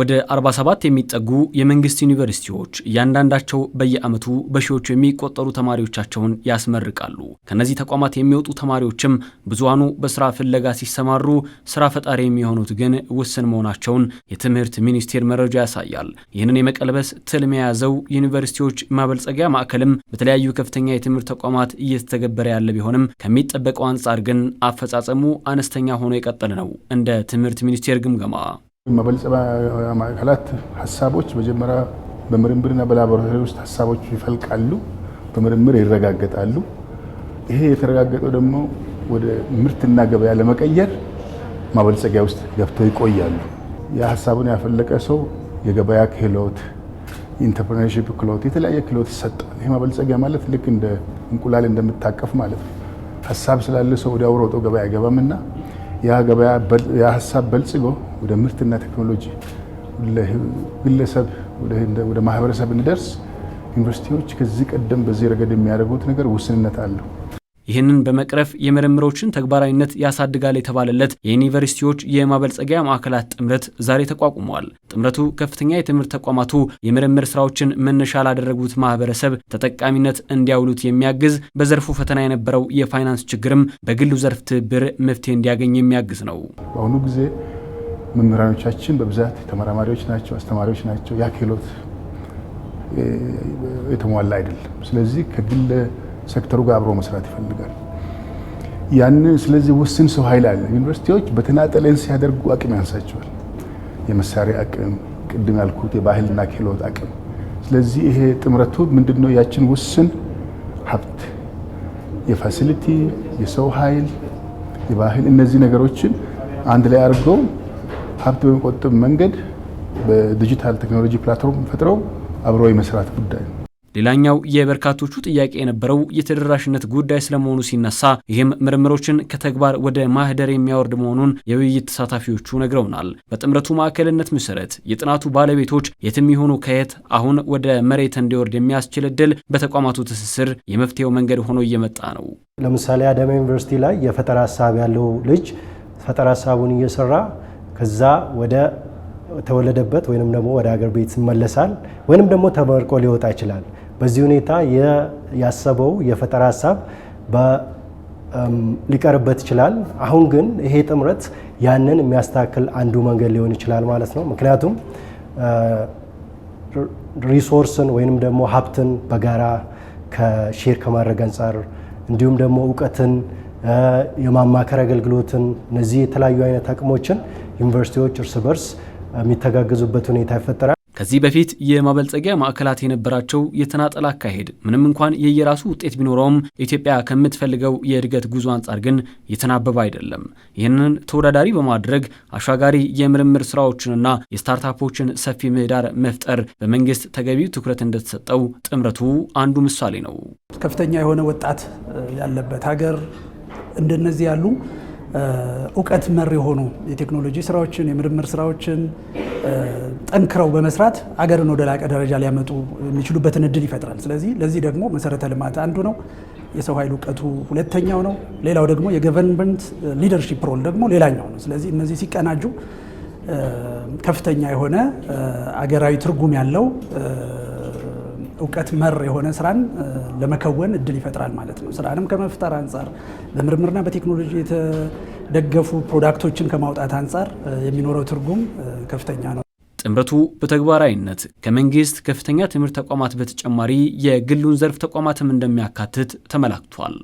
ወደ 47 የሚጠጉ የመንግስት ዩኒቨርሲቲዎች እያንዳንዳቸው በየዓመቱ በሺዎቹ የሚቆጠሩ ተማሪዎቻቸውን ያስመርቃሉ። ከእነዚህ ተቋማት የሚወጡ ተማሪዎችም ብዙሃኑ በስራ ፍለጋ ሲሰማሩ፣ ስራ ፈጣሪ የሚሆኑት ግን ውስን መሆናቸውን የትምህርት ሚኒስቴር መረጃ ያሳያል። ይህንን የመቀልበስ ትልም የያዘው ዩኒቨርሲቲዎች ማበልጸጊያ ማዕከልም በተለያዩ ከፍተኛ የትምህርት ተቋማት እየተተገበረ ያለ ቢሆንም ከሚጠበቀው አንጻር ግን አፈጻጸሙ አነስተኛ ሆኖ የቀጠለ ነው እንደ ትምህርት ሚኒስቴር ግምገማ መበልጸግ ማዕከላት ሀሳቦች መጀመሪያ በምርምርና በላቦራቶሪ ውስጥ ሀሳቦች ይፈልቃሉ፣ በምርምር ይረጋገጣሉ። ይሄ የተረጋገጠው ደግሞ ወደ ምርትና ገበያ ለመቀየር ማበልጸጊያ ውስጥ ገብተው ይቆያሉ። የሀሳቡን ያፈለቀ ሰው የገበያ ክህሎት፣ ኢንተርፕርነርሺፕ ክህሎት፣ የተለያየ ክህሎት ይሰጣል። ይሄ ማበልጸጊያ ማለት ልክ እንደ እንቁላል እንደምታቀፍ ማለት ነው። ሀሳብ ስላለ ሰው ወዲያው ሮጦ ገበያ አይገባምና ያ ያ ሀሳብ በልጽጎ ወደ ምርትና ቴክኖሎጂ ግለሰብ ወደ ማህበረሰብ እንዲደርስ ዩኒቨርሲቲዎች ከዚህ ቀደም በዚህ ረገድ የሚያደርጉት ነገር ውስንነት አለው። ይህንን በመቅረፍ የምርምሮችን ተግባራዊነት ያሳድጋል የተባለለት የዩኒቨርሲቲዎች የማበልጸጊያ ማዕከላት ጥምረት ዛሬ ተቋቁመዋል። ጥምረቱ ከፍተኛ የትምህርት ተቋማቱ የምርምር ስራዎችን መነሻ ላደረጉት ማህበረሰብ ተጠቃሚነት እንዲያውሉት የሚያግዝ በዘርፉ ፈተና የነበረው የፋይናንስ ችግርም በግሉ ዘርፍ ትብብር መፍትሄ እንዲያገኝ የሚያግዝ ነው። በአሁኑ ጊዜ መምህራኖቻችን በብዛት ተመራማሪዎች ናቸው፣ አስተማሪዎች ናቸው። ያ ክህሎት የተሟላ አይደለም። ስለዚህ ከግል ሴክተሩ ጋር አብሮ መስራት ይፈልጋል። ያንን ስለዚህ ውስን ሰው ኃይል አለ። ዩኒቨርሲቲዎች በተናጠለን ሲያደርጉ አቅም ያንሳቸዋል። የመሳሪያ አቅም፣ ቅድም ያልኩት የባህልና ክህሎት አቅም። ስለዚህ ይሄ ጥምረቱ ምንድነው? ያችን ውስን ሀብት የፋሲሊቲ፣ የሰው ኃይል፣ የባህል እነዚህ ነገሮችን አንድ ላይ አድርገው ሀብት በመቆጠብ መንገድ በዲጂታል ቴክኖሎጂ ፕላትፎርም ፈጥረው አብሮ የመስራት ጉዳይ ነው። ሌላኛው የበርካቶቹ ጥያቄ የነበረው የተደራሽነት ጉዳይ ስለመሆኑ ሲነሳ ይህም ምርምሮችን ከተግባር ወደ ማህደር የሚያወርድ መሆኑን የውይይት ተሳታፊዎቹ ነግረውናል። በጥምረቱ ማዕከልነት መሰረት የጥናቱ ባለቤቶች የትም ይሆኑ ከየት አሁን ወደ መሬት እንዲወርድ የሚያስችል እድል በተቋማቱ ትስስር የመፍትሄው መንገድ ሆኖ እየመጣ ነው። ለምሳሌ አዳማ ዩኒቨርሲቲ ላይ የፈጠራ ሀሳብ ያለው ልጅ ፈጠራ ሀሳቡን እየሰራ ከዛ ወደ ተወለደበት ወይንም ደግሞ ወደ ሀገር ቤት ይመለሳል፣ ወይንም ደግሞ ተመርቆ ሊወጣ ይችላል። በዚህ ሁኔታ ያሰበው የፈጠራ ሀሳብ ሊቀርበት ይችላል። አሁን ግን ይሄ ጥምረት ያንን የሚያስተካክል አንዱ መንገድ ሊሆን ይችላል ማለት ነው። ምክንያቱም ሪሶርስን ወይንም ደግሞ ሀብትን በጋራ ከሼር ከማድረግ አንጻር እንዲሁም ደግሞ እውቀትን የማማከር አገልግሎትን እነዚህ የተለያዩ አይነት አቅሞችን ዩኒቨርሲቲዎች እርስ በርስ የሚተጋገዙበት ሁኔታ ይፈጠራል። ከዚህ በፊት የማበልጸጊያ ማዕከላት የነበራቸው የተናጠል አካሄድ ምንም እንኳን የየራሱ ውጤት ቢኖረውም ኢትዮጵያ ከምትፈልገው የእድገት ጉዞ አንጻር ግን የተናበበ አይደለም። ይህንን ተወዳዳሪ በማድረግ አሻጋሪ የምርምር ስራዎችንና የስታርታፖችን ሰፊ ምህዳር መፍጠር በመንግስት ተገቢው ትኩረት እንደተሰጠው ጥምረቱ አንዱ ምሳሌ ነው። ከፍተኛ የሆነ ወጣት ያለበት ሀገር እንደነዚህ ያሉ እውቀት መር የሆኑ የቴክኖሎጂ ስራዎችን የምርምር ስራዎችን ጠንክረው በመስራት አገርን ወደ ላቀ ደረጃ ሊያመጡ የሚችሉበትን እድል ይፈጥራል። ስለዚህ ለዚህ ደግሞ መሰረተ ልማት አንዱ ነው፣ የሰው ኃይል እውቀቱ ሁለተኛው ነው፣ ሌላው ደግሞ የገቨርንመንት ሊደርሺፕ ሮል ደግሞ ሌላኛው ነው። ስለዚህ እነዚህ ሲቀናጁ ከፍተኛ የሆነ አገራዊ ትርጉም ያለው እውቀት መር የሆነ ስራን ለመከወን እድል ይፈጥራል ማለት ነው። ስራንም ከመፍጠር አንጻር በምርምርና በቴክኖሎጂ የተደገፉ ፕሮዳክቶችን ከማውጣት አንጻር የሚኖረው ትርጉም ከፍተኛ ነው። ጥምረቱ በተግባራዊነት ከመንግስት ከፍተኛ ትምህርት ተቋማት በተጨማሪ የግሉን ዘርፍ ተቋማትም እንደሚያካትት ተመላክቷል።